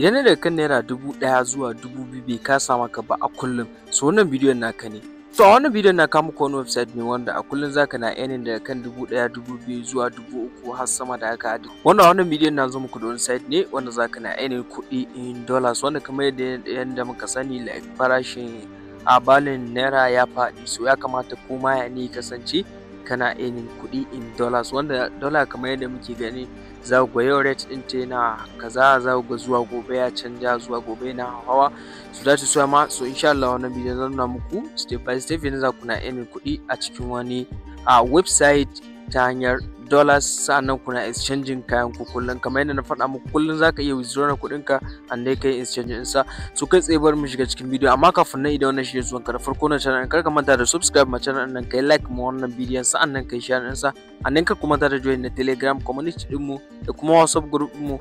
idan na daga kan naira dubu ɗaya zuwa dubu biyu bai kasa maka ba a kullum so wannan bidiyon naka ne to a wannan bidiyon na kawo muku wani website ne wanda a kullum zaka na earning daga kan dubu ɗaya dubu biyu zuwa dubu uku har sama da haka adi wannan wannan bidiyon na zo muku da wani site ne wanda zaka na earning kuɗi in dollars wanda kamar yadda yadda muka sani like farashin a balin naira ya faɗi so ya kamata ma ya ne kasance kana ainihin kuɗi in dollars wanda dollar kamar yadda muke gani za ku ga yau rate ɗin ta yana kaza za ku ga zuwa gobe ya canja zuwa gobe na hawa su za su ma so insha Allah wannan bidiyon zan nuna muku step by step yanzu za ku na ainihin kuɗi a cikin wani a website ta hanyar dollars sannan kuna exchange kayan ku kullum kamar yadda na faɗa muku kullum za ka iya withdraw kuɗin ka and dai kai exchange sa su kai tsaye bar mu shiga cikin bidiyo amma kafin nan idan wannan shi zuwan ka da farko na channel kar ka manta da subscribe ma channel nan kai like ma wannan bidiyon sa'annan kai share ɗinsa and then ka kuma da join na telegram community mu da kuma whatsapp group mu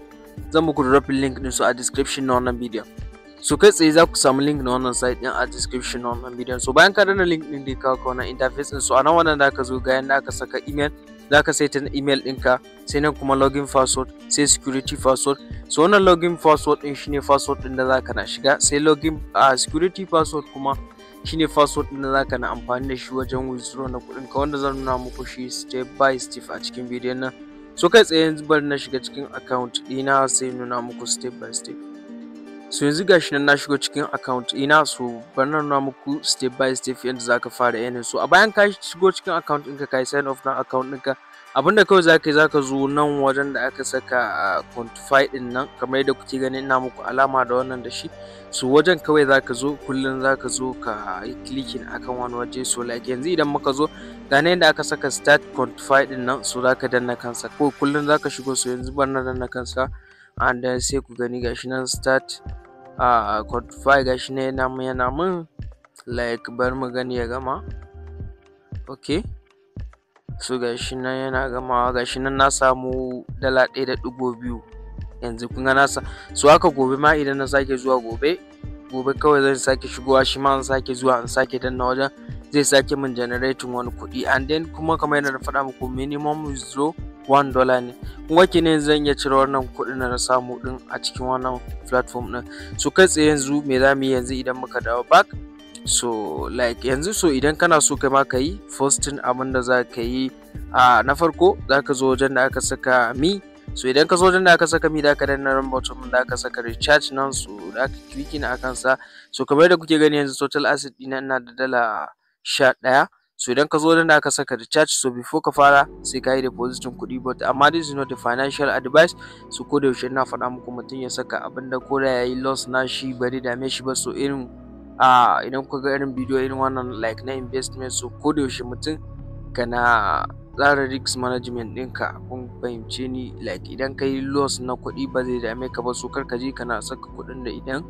zan muku drop link din su a description na wannan bidiyon so kai tsaye za ku samu link na wannan site din a description na wannan bidiyon so bayan ka danna link din da ka kawo na interface din so a nan wannan da ka zo ga yanda aka saka email za ka saita na email ɗinka sai nan kuma login password sai security password so wannan login password din shine password din da za ka na shiga sai login a security password kuma shine password din da za ka na amfani da shi wajen withdraw na kuɗin ka wanda zan nuna muku shi step by step a cikin bidiyon nan so kai tsaye yanzu bari na shiga cikin account ɗina sai nuna muku step by step so yanzu gashi nan na shigo cikin account ina so bari na muku step by step yadda zaka fara yanin so a bayan ka shigo cikin account ɗinka ka yi sign off na account ɗinka abinda kawai zaka yi zaka zo nan wajen da aka saka ah, quantify din nan kamar yadda kuke gani ina muku alama da wannan da shi so wajen kawai zaka zo kullum zaka zo ka yi clicking akan wani waje so like yanzu idan muka zo ga ne yadda aka saka start quantify din nan so zaka danna kansa ko kullum zaka shigo so yanzu bari danna kansa and then sai ku gani gashi nan start a codify gashi ne mu yana mun like bari mu gani ya gama ok so gashi nan yana gamawa gashi nan na samu dala ɗaya da ɗigo biyu yanzu kun ga nasa so haka gobe ma idan na sake zuwa gobe gobe kawai zan sake shigowa shi ma sake zuwa in sake danna wajen zai sake min generating wani kuɗi and then kuma kamar yana da faɗa muku minimum withdraw one dollar ne kuma ne zan iya cire wannan kuɗin na samu din a cikin wannan platform din so kai tsaye yanzu me za mu yi yanzu idan muka dawo back so like yanzu so idan kana so kai ma ka yi posting abin da za ka yi a na farko za ka zo wajen da aka saka mi so idan ka zo wajen da aka saka mi da ka dan na ran mun da aka saka recharge nan so da aka ne akan sa so kamar da kuke gani yanzu total asset ɗina ina da dala sha ɗaya so idan ka zo nan aka saka da charge so before ka fara sai ka yi depositin kuɗi but amma this is not a financial advice so ko da yaushe ina faɗa muku mutum ya saka abin da ko da yayi loss na shi bari dame shi ba so irin idan kuka ga irin bidiyo irin wannan like na investment so ko da yaushe mutum kana tsara risk management ɗinka kun fahimce ni like idan ka yi loss na kuɗi ba zai dame ka ba so kar ka je kana saka kuɗin da idan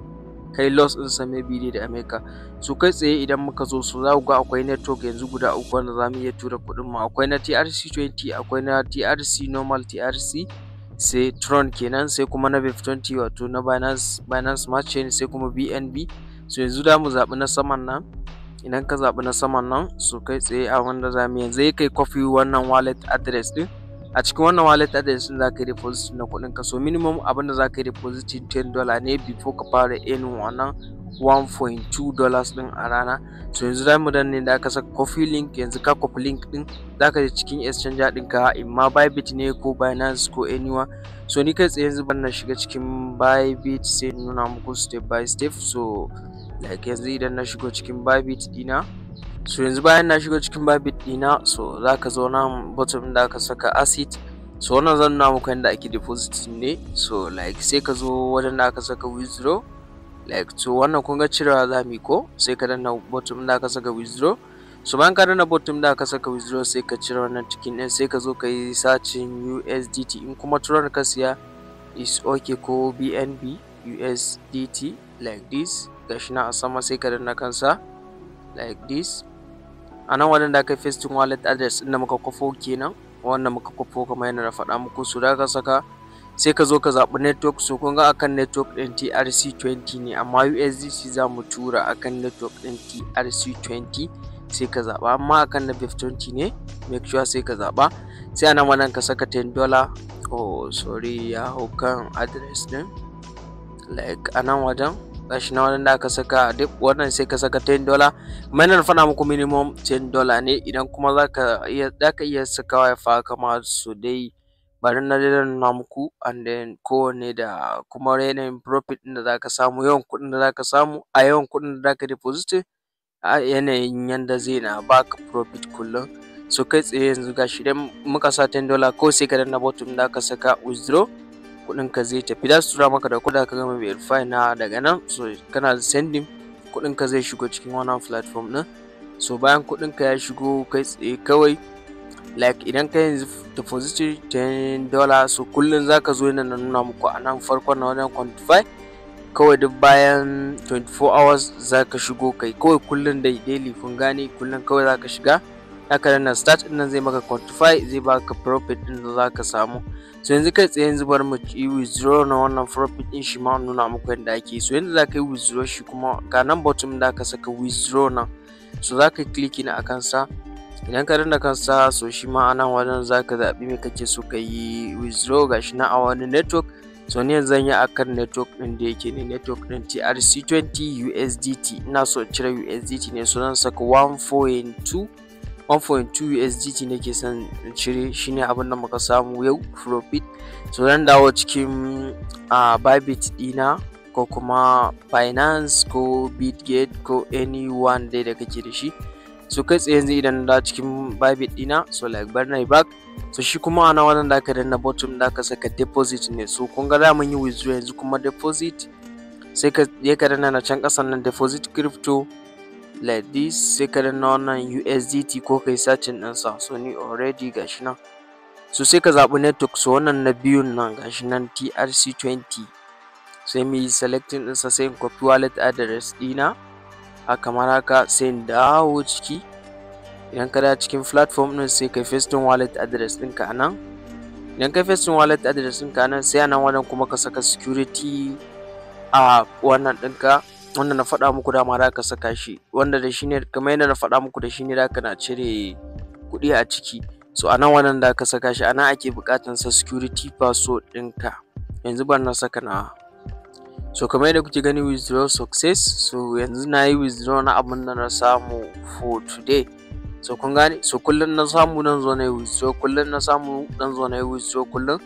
kai loss din sa maybe dai da America Su kai tsaye idan muka zo su za ku ga akwai network yanzu guda uku wanda za mu iya tura kuɗin mu akwai na TRC20 akwai na TRC normal TRC sai Tron kenan sai kuma na BIF20 wato na Binance Binance Smart Chain sai kuma BNB so yanzu da mu zaɓi na saman nan idan ka zaɓi na saman nan so kai tsaye a wanda za mu yanzu kai copy wannan wallet address din a cikin wannan wallet address din zaka yi deposit na kuɗin ka so minimum abin da zaka yi deposit ten dollar ne before ka fara in wannan 1.2 dollars din a rana so yanzu za mu danne da aka saka coffee link yanzu ka coffee link din zaka je cikin exchange din ka imma Bybit ne ko Binance ko anywa. so ni kai tsaye yanzu ban na shiga cikin Bybit sai nuna muku step by step so like yanzu idan na shigo cikin Bybit dina so yanzu bayan na shigo cikin babit dina so za ka zo nan bottom da aka saka acid so wannan zan nuna muku yadda ake deposit ne so like sai ka zo wajen da aka saka withdraw like to wannan kun ga cirewa za mu yi ko sai ka danna bottom da aka saka withdraw so bayan ka danna bottom da aka saka withdraw sai ka cire wannan cikin din sai ka zo ka yi sacin USDT in kuma turar ka siya is okay ko BNB USDT like this gashi na a sama sai ka danna kansa like this a nan wannan da aka yi wallet address inda muka kwafo kenan wannan muka kwafo kamar yadda na faɗa muku su da ka saka sai ka zo ka zaɓi network so kun ga akan network ɗin TRC20 ne amma USDC za mu tura akan network ɗin TRC20 sai ka zaɓa amma akan na BIF20 ne make sure sai ka zaɓa sai a nan wannan ka saka 10 dollar oh sorry ya hau kan address ɗin like a nan wajen gashi na wannan da aka saka duk wannan sai ka saka 10 dollar kamar yadda na muku minimum 10 dollar ne idan kuma zaka iya zaka iya saka wa fa kama su dai bari na dai nuna muku and then ko ne da kuma yanayin profit din da zaka samu yawan kuɗin da zaka samu a yawan kuɗin da zaka deposit a yanayin yanda zai na baka profit kullum so kai tsaye yanzu gashi idan muka sa 10 dollar ko sai ka danna bottom da aka saka withdraw kuɗin ka zai tafi za su tura maka da kuɗa ka gama verify na daga nan so kana sending kuɗin ka zai shigo cikin wani platform ɗin so bayan kuɗinka ka ya shigo kai tsaye kawai like idan ka yanzu deposit 10 dollar so za zaka zo yana nuna muku a nan farkon na wajen quantify kawai duk bayan 24 hours zaka shigo kai kawai kullum dai daily kun gane kullum kawai zaka shiga haka nan start din nan zai maka quantify zai baka profit din da zaka samu so yanzu kai tsaye yanzu bar mu yi withdraw na wannan profit din shi ma nuna muku yanda ake so yanzu zaka yi withdraw shi kuma ga nan bottom da ka saka withdraw na so zaka click ne akan sa idan ka danna sa so shi ma anan wajen zaka zaɓi me kake so ka yi withdraw gashi na a wani network so ni yanzu zan yi akan network din da yake ne network din TRC20 USDT ina so cire USDT ne so zan saka 1.2 1.2 USDT nake son in cire shine abin da muka samu yau profit so zan dawo cikin a Bybit dina ko kuma Binance ko Bitgate ko any one dai da kake da shi so kai tsaye yanzu idan da cikin Bybit dina so like bar na back so shi kuma ana wannan da ka danna bottom da ka saka deposit ne so kun ga za mu yi withdraw yanzu kuma deposit sai ka je ka danna na can kasan nan deposit crypto like this sai ka na wannan USDT ko kai sacin ɗinsa so ni already gashi nan so sai ka zaɓi network so wannan na biyun nan gashi nan TRC20 sai mi selecting din ɗinsa sai in copy wallet address dina a kamar haka sai in dawo ciki idan ka da cikin platform din sai kai din wallet address din ka nan idan paste din wallet address din ka nan sai a nan wannan kuma ka saka security a wannan ɗinka wanda na faɗa muku dama da ka saka shi wanda da shi ne kamar yadda na faɗa muku da shi ne da ka na cire kuɗi a ciki so a nan wannan da ka saka shi a nan ake buƙatar sa security password ɗinka yanzu ban na saka nawa so kamar yadda kuke gani withdraw success so yanzu na yi withdraw na abin da na samu for today so kun gane so kullum na samu nan zo na yi withdraw kullum na samu dan zo na yi withdraw kullum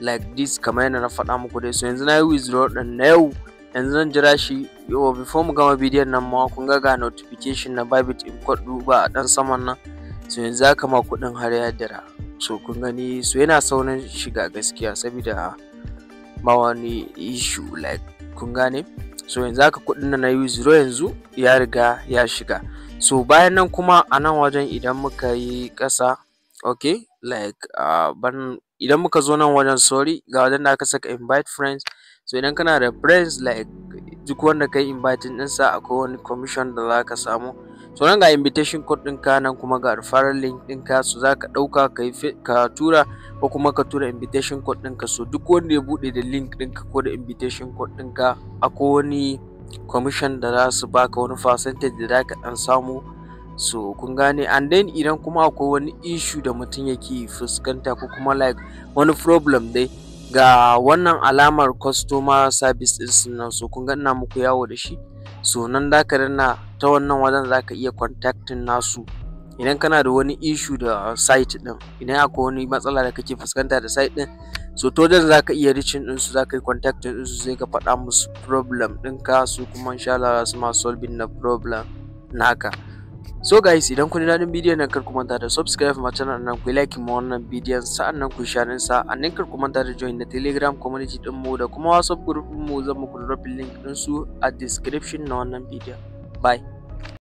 like this kamar yadda na faɗa muku dai so yanzu na yi withdraw ɗin na yau yanzu zan jira shi yawa before mu gama bidiyon nan ma kun ga ga notification na babit in kwa duba a dan saman nan so yanzu haka ma kuɗin har ya dira so kun gani so yana saurin shiga gaskiya saboda ma wani issue like kun gane so yanzu haka kuɗin na na yi zero yanzu ya riga ya shiga so bayan nan kuma a nan wajen idan muka yi ƙasa okay like uh, ban idan muka zo nan wajen sorry ga wajen da aka saka invite friends so idan kana da friends like duk wanda kai inviting ɗinsa akwai wani commission da za ka samu so nan ga invitation code ɗinka nan kuma ga referral link ɗinka so za ka ɗauka ka tura ko kuma ka tura invitation code ɗinka so duk wanda ya buɗe da link ɗinka ko da invitation code ɗinka akwai wani commission da za su baka wani percentage da za ka ɗan samu so kun gane and then idan kuma akwai wani issue da mutum yake fuskanta ko kuma like wani problem dai ga wannan alamar customer service din sunan so kun ga ina muku yawo da shi so nan ka danna ta wannan wajen zaka iya contacting nasu idan kana da wani issue da site din idan akwai wani matsala da kake fuskanta da site din so to dan zaka iya reaching din su zaka yi contacting din su sai ka faɗa musu problem ɗinka su kuma insha Allah za su ma solving na problem naka So guys idan kun ji daɗin bidiyon nan kar ku manta da subscribe ma channel nan ku like ma wannan bidiyon sa'an nan ku share sa annan kar ku manta da join na telegram community din mu da kuma whatsapp group mu zan muku drop link din su a description na wannan bidiyon. Bye.